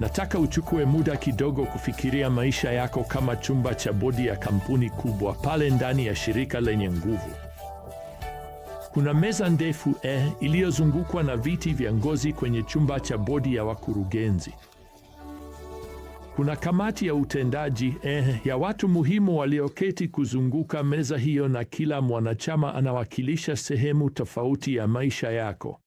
Nataka uchukue muda kidogo kufikiria maisha yako kama chumba cha bodi ya kampuni kubwa pale ndani ya shirika lenye nguvu. Kuna meza ndefu eh, iliyozungukwa na viti vya ngozi kwenye chumba cha bodi ya wakurugenzi. Kuna kamati ya utendaji eh, ya watu muhimu walioketi kuzunguka meza hiyo na kila mwanachama anawakilisha sehemu tofauti ya maisha yako.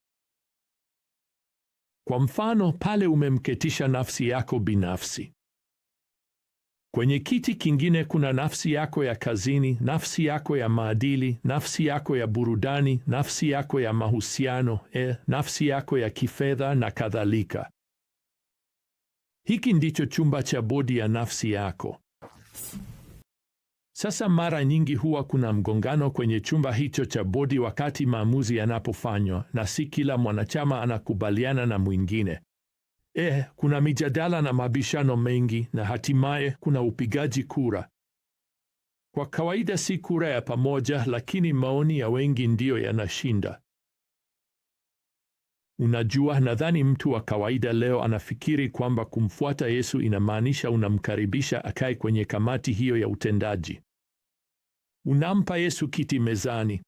Kwa mfano, pale umemketisha nafsi yako binafsi. Kwenye kiti kingine kuna nafsi yako ya kazini, nafsi yako ya maadili, nafsi yako ya burudani, nafsi yako ya mahusiano, eh, nafsi yako ya kifedha na kadhalika. Hiki ndicho chumba cha bodi ya nafsi yako. Sasa mara nyingi huwa kuna mgongano kwenye chumba hicho cha bodi wakati maamuzi yanapofanywa, na si kila mwanachama anakubaliana na mwingine. Eh, kuna mijadala na mabishano mengi, na hatimaye kuna upigaji kura. Kwa kawaida si kura ya pamoja, lakini maoni ya wengi ndiyo yanashinda. Unajua, nadhani mtu wa kawaida leo anafikiri kwamba kumfuata Yesu inamaanisha unamkaribisha akae kwenye kamati hiyo ya utendaji, unampa Yesu kiti mezani,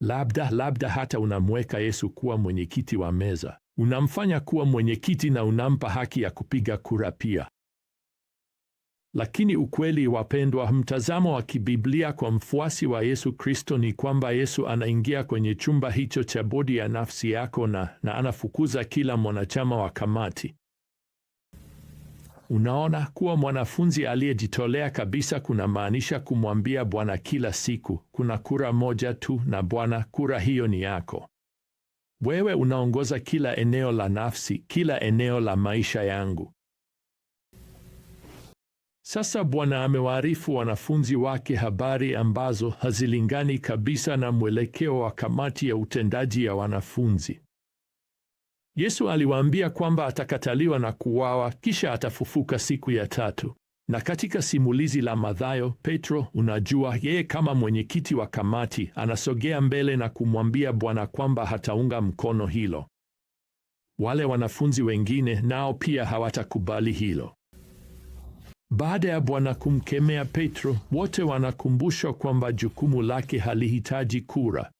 labda labda hata unamweka Yesu kuwa mwenyekiti wa meza, unamfanya kuwa mwenyekiti na unampa haki ya kupiga kura pia. Lakini ukweli, wapendwa, mtazamo wa kibiblia kwa mfuasi wa Yesu Kristo ni kwamba Yesu anaingia kwenye chumba hicho cha bodi ya nafsi yako na na anafukuza kila mwanachama wa kamati. Unaona, kuwa mwanafunzi aliyejitolea kabisa kunamaanisha kumwambia Bwana kila siku, kuna kura moja tu, na Bwana, kura hiyo ni yako wewe. Unaongoza kila eneo la nafsi, kila eneo la maisha yangu. Sasa Bwana amewaarifu wanafunzi wake habari ambazo hazilingani kabisa na mwelekeo wa kamati ya utendaji ya wanafunzi. Yesu aliwaambia kwamba atakataliwa na kuuawa, kisha atafufuka siku ya tatu. Na katika simulizi la Mathayo, Petro, unajua, yeye kama mwenyekiti wa kamati anasogea mbele na kumwambia Bwana kwamba hataunga mkono hilo. Wale wanafunzi wengine nao pia hawatakubali hilo. Baada ya Bwana kumkemea Petro, wote wanakumbushwa kwamba jukumu lake halihitaji kura.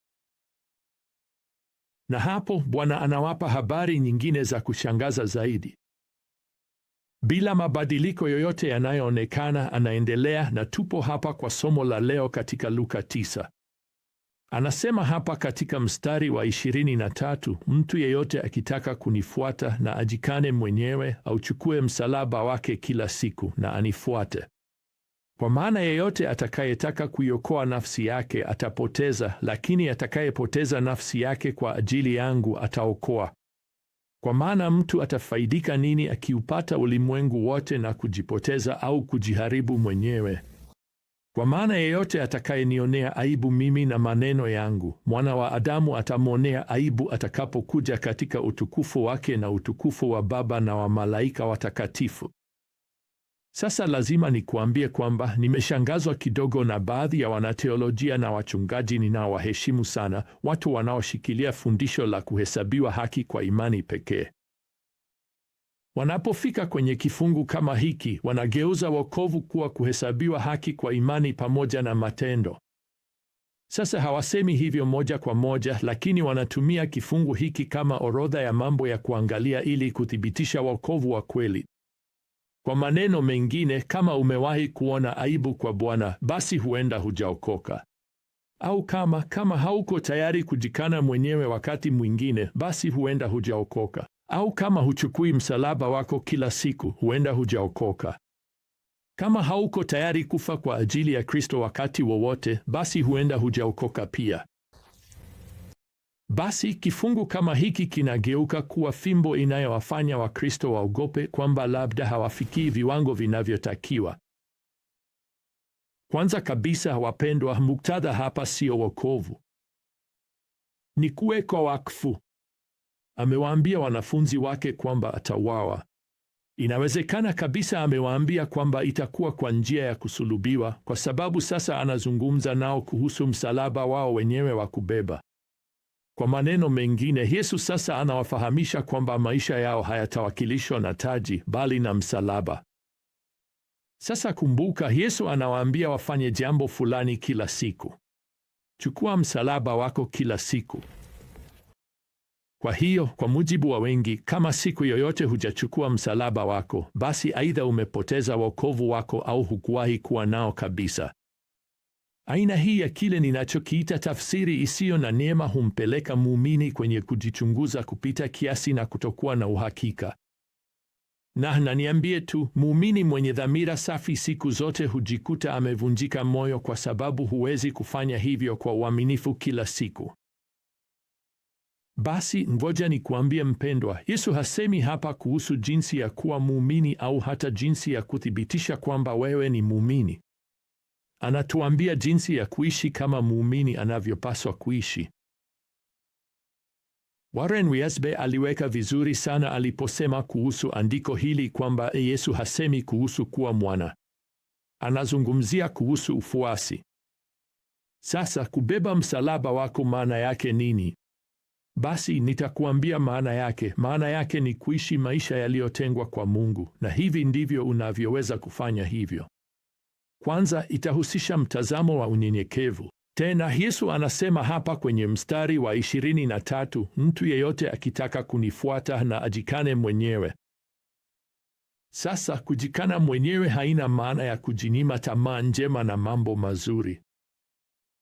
Na hapo Bwana anawapa habari nyingine za kushangaza zaidi. Bila mabadiliko yoyote yanayoonekana, anaendelea na tupo hapa kwa somo la leo katika Luka 9. Anasema hapa katika mstari wa tatu, mtu yeyote akitaka kunifuata na ajikane mwenyewe, auchukue msalaba wake kila siku na anifuate. Kwa maana yeyote atakayetaka kuiokoa nafsi yake atapoteza, lakini atakayepoteza nafsi yake kwa ajili yangu ataokoa. Kwa maana mtu atafaidika nini akiupata ulimwengu wote na kujipoteza au kujiharibu mwenyewe? Kwa maana yeyote atakayenionea aibu mimi na maneno yangu, mwana wa Adamu atamwonea aibu atakapokuja katika utukufu wake na utukufu wa Baba na wa malaika watakatifu. Sasa lazima nikuambie kwamba nimeshangazwa kidogo na baadhi ya wanateolojia na wachungaji ninaowaheshimu sana, watu wanaoshikilia fundisho la kuhesabiwa haki kwa imani pekee. Wanapofika kwenye kifungu kama hiki, wanageuza wokovu kuwa kuhesabiwa haki kwa imani pamoja na matendo. Sasa hawasemi hivyo moja kwa moja, lakini wanatumia kifungu hiki kama orodha ya mambo ya kuangalia ili kuthibitisha wokovu wa kweli. Kwa maneno mengine, kama umewahi kuona aibu kwa Bwana, basi huenda hujaokoka, au kama kama hauko tayari kujikana mwenyewe wakati mwingine, basi huenda hujaokoka. Au kama huchukui msalaba wako kila siku, huenda hujaokoka. Kama hauko tayari kufa kwa ajili ya Kristo wakati wowote, basi huenda hujaokoka pia. Basi kifungu kama hiki kinageuka kuwa fimbo inayowafanya Wakristo waogope kwamba labda hawafikii viwango vinavyotakiwa. Kwanza kabisa, wapendwa, muktadha hapa sio wokovu, ni kuwekwa wakfu amewaambia wanafunzi wake kwamba atawawa. Inawezekana kabisa amewaambia kwamba itakuwa kwa njia ya kusulubiwa, kwa sababu sasa anazungumza nao kuhusu msalaba wao wenyewe wa kubeba. Kwa maneno mengine, Yesu sasa anawafahamisha kwamba maisha yao hayatawakilishwa na taji bali na msalaba. Sasa kumbuka, Yesu anawaambia wafanye jambo fulani kila siku. Chukua msalaba wako kila siku. Kwa hiyo kwa mujibu wa wengi, kama siku yoyote hujachukua msalaba wako, basi aidha umepoteza wokovu wako au hukuwahi kuwa nao kabisa. Aina hii ya kile ninachokiita tafsiri isiyo na neema humpeleka muumini kwenye kujichunguza kupita kiasi na kutokuwa na uhakika. Na na niambie tu, muumini mwenye dhamira safi siku zote hujikuta amevunjika moyo, kwa sababu huwezi kufanya hivyo kwa uaminifu kila siku. Basi ngoja nikuambie mpendwa, Yesu hasemi hapa kuhusu jinsi ya kuwa muumini au hata jinsi ya kuthibitisha kwamba wewe ni muumini. Anatuambia jinsi ya kuishi kama muumini anavyopaswa kuishi. Warren Wiesbe aliweka vizuri sana aliposema kuhusu andiko hili kwamba Yesu hasemi kuhusu kuwa mwana, anazungumzia kuhusu ufuasi. Sasa kubeba msalaba wako maana yake nini? Basi nitakuambia maana yake. Maana yake ni kuishi maisha yaliyotengwa kwa Mungu, na hivi ndivyo unavyoweza kufanya hivyo. Kwanza, itahusisha mtazamo wa unyenyekevu. Tena Yesu anasema hapa kwenye mstari wa tatu, mtu yeyote akitaka kunifuata na ajikane mwenyewe. Sasa kujikana mwenyewe haina maana ya kujinyima tamaa njema na mambo mazuri.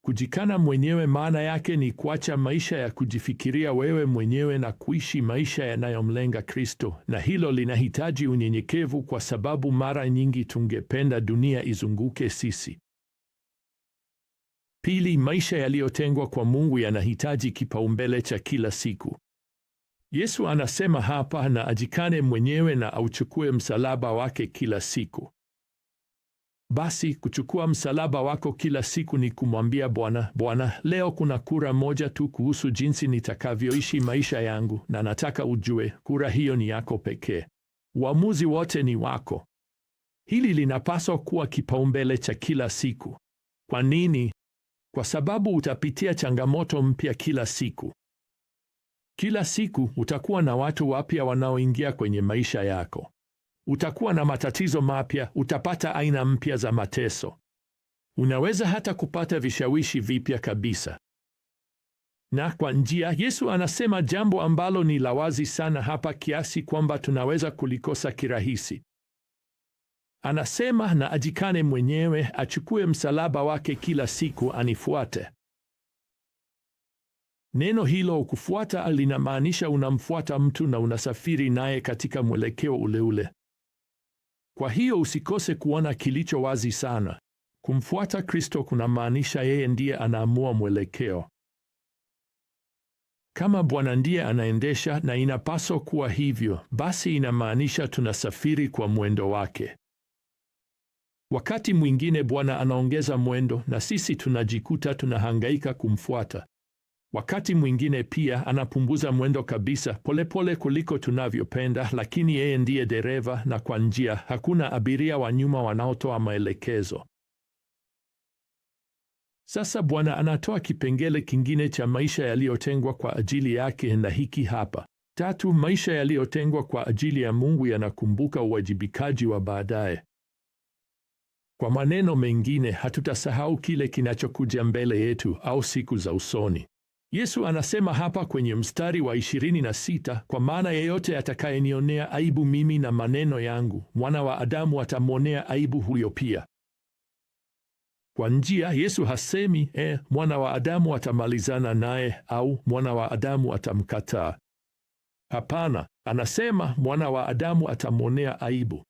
Kujikana mwenyewe maana yake ni kuacha maisha ya kujifikiria wewe mwenyewe na kuishi maisha yanayomlenga Kristo, na hilo linahitaji unyenyekevu, kwa sababu mara nyingi tungependa dunia izunguke sisi. Pili, maisha yaliyotengwa kwa Mungu yanahitaji kipaumbele cha kila siku. Yesu anasema hapa, na ajikane mwenyewe na auchukue msalaba wake kila siku. Basi kuchukua msalaba wako kila siku ni kumwambia Bwana, Bwana, leo kuna kura moja tu kuhusu jinsi nitakavyoishi maisha yangu, na nataka ujue kura hiyo ni yako pekee. Uamuzi wote ni wako. Hili linapaswa kuwa kipaumbele cha kila siku. Kwa nini? Kwa sababu utapitia changamoto mpya kila siku. Kila siku utakuwa na watu wapya wanaoingia kwenye maisha yako utakuwa na matatizo mapya, utapata aina mpya za mateso, unaweza hata kupata vishawishi vipya kabisa. Na kwa njia, Yesu anasema jambo ambalo ni la wazi sana hapa kiasi kwamba tunaweza kulikosa kirahisi. Anasema na ajikane mwenyewe, achukue msalaba wake kila siku, anifuate. Neno hilo ukufuata linamaanisha unamfuata mtu na unasafiri naye katika mwelekeo ule ule. Kwa hiyo usikose kuona kilicho wazi sana. Kumfuata Kristo kunamaanisha yeye ndiye anaamua mwelekeo. Kama Bwana ndiye anaendesha, na inapaswa kuwa hivyo, basi inamaanisha tunasafiri kwa mwendo wake. Wakati mwingine Bwana anaongeza mwendo na sisi tunajikuta tunahangaika kumfuata. Wakati mwingine pia anapunguza mwendo kabisa, polepole kuliko tunavyopenda, lakini yeye ndiye dereva, na kwa njia hakuna abiria wa nyuma wanaotoa maelekezo. Sasa Bwana anatoa kipengele kingine cha maisha yaliyotengwa kwa ajili yake, na hiki hapa tatu. Maisha yaliyotengwa kwa ajili ya Mungu yanakumbuka uwajibikaji wa baadaye. Kwa maneno mengine, hatutasahau kile kinachokuja mbele yetu au siku za usoni. Yesu anasema hapa kwenye mstari wa 26, kwa maana yeyote atakayenionea aibu mimi na maneno yangu, mwana wa Adamu atamwonea aibu huyo pia. Kwa njia, Yesu hasemi eh, mwana wa Adamu atamalizana naye au mwana wa Adamu atamkataa. Hapana, anasema mwana wa Adamu atamwonea aibu.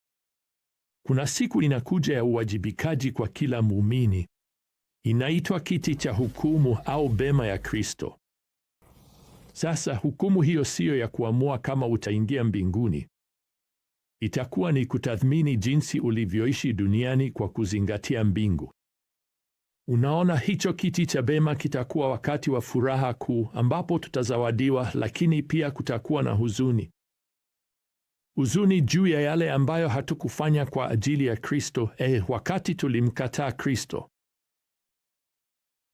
Kuna siku inakuja ya uwajibikaji kwa kila muumini inaitwa kiti cha hukumu au bema ya Kristo. Sasa hukumu hiyo siyo ya kuamua kama utaingia mbinguni. Itakuwa ni kutathmini jinsi ulivyoishi duniani kwa kuzingatia mbingu. Unaona, hicho kiti cha bema kitakuwa wakati wa furaha kuu ambapo tutazawadiwa, lakini pia kutakuwa na huzuni, huzuni juu ya yale ambayo hatukufanya kwa ajili ya Kristo, eh, wakati tulimkataa Kristo.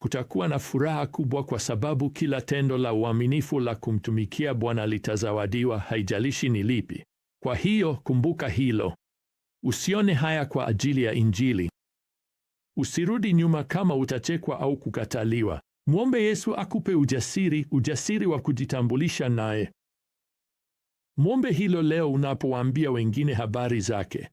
Kutakuwa na furaha kubwa kwa sababu kila tendo la uaminifu la kumtumikia Bwana litazawadiwa, haijalishi ni lipi. Kwa hiyo kumbuka hilo, usione haya kwa ajili ya Injili. Usirudi nyuma kama utachekwa au kukataliwa. Mwombe Yesu akupe ujasiri, ujasiri wa kujitambulisha naye. Mwombe hilo leo unapowaambia wengine habari zake.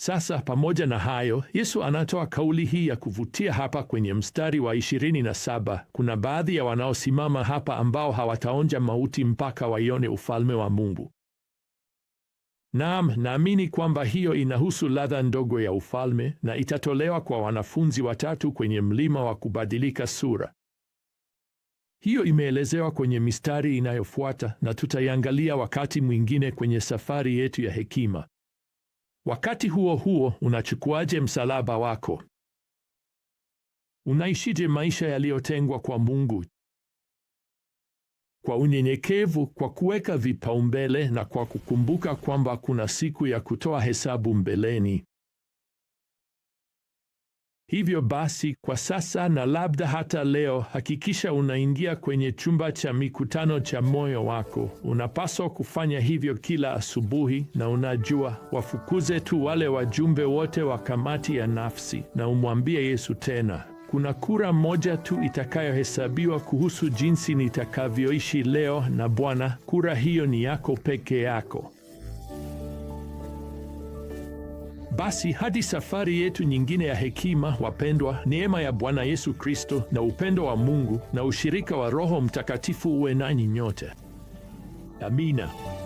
Sasa pamoja na hayo, Yesu anatoa kauli hii ya kuvutia hapa kwenye mstari wa 27: kuna baadhi ya wanaosimama hapa ambao hawataonja mauti mpaka waione ufalme wa Mungu. Naam, naamini kwamba hiyo inahusu ladha ndogo ya ufalme na itatolewa kwa wanafunzi watatu kwenye mlima wa kubadilika sura. Hiyo imeelezewa kwenye mistari inayofuata na tutaiangalia wakati mwingine kwenye safari yetu ya hekima. Wakati huo huo, unachukuaje msalaba wako? Unaishije maisha yaliyotengwa kwa Mungu? Kwa unyenyekevu, kwa kuweka vipaumbele na kwa kukumbuka kwamba kuna siku ya kutoa hesabu mbeleni. Hivyo basi, kwa sasa na labda hata leo, hakikisha unaingia kwenye chumba cha mikutano cha moyo wako. Unapaswa kufanya hivyo kila asubuhi, na unajua, wafukuze tu wale wajumbe wote wa kamati ya nafsi na umwambie Yesu tena kuna kura moja tu itakayohesabiwa kuhusu jinsi nitakavyoishi leo, na Bwana, kura hiyo ni yako peke yako. Basi hadi safari yetu nyingine ya hekima, wapendwa, neema ya Bwana Yesu Kristo na upendo wa Mungu na ushirika wa Roho Mtakatifu uwe nanyi nyote. Amina.